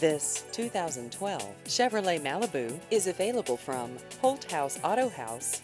This 2012 Chevrolet Malibu is available from Holt House Auto House.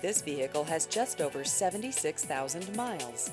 This vehicle has just over 76,000 miles.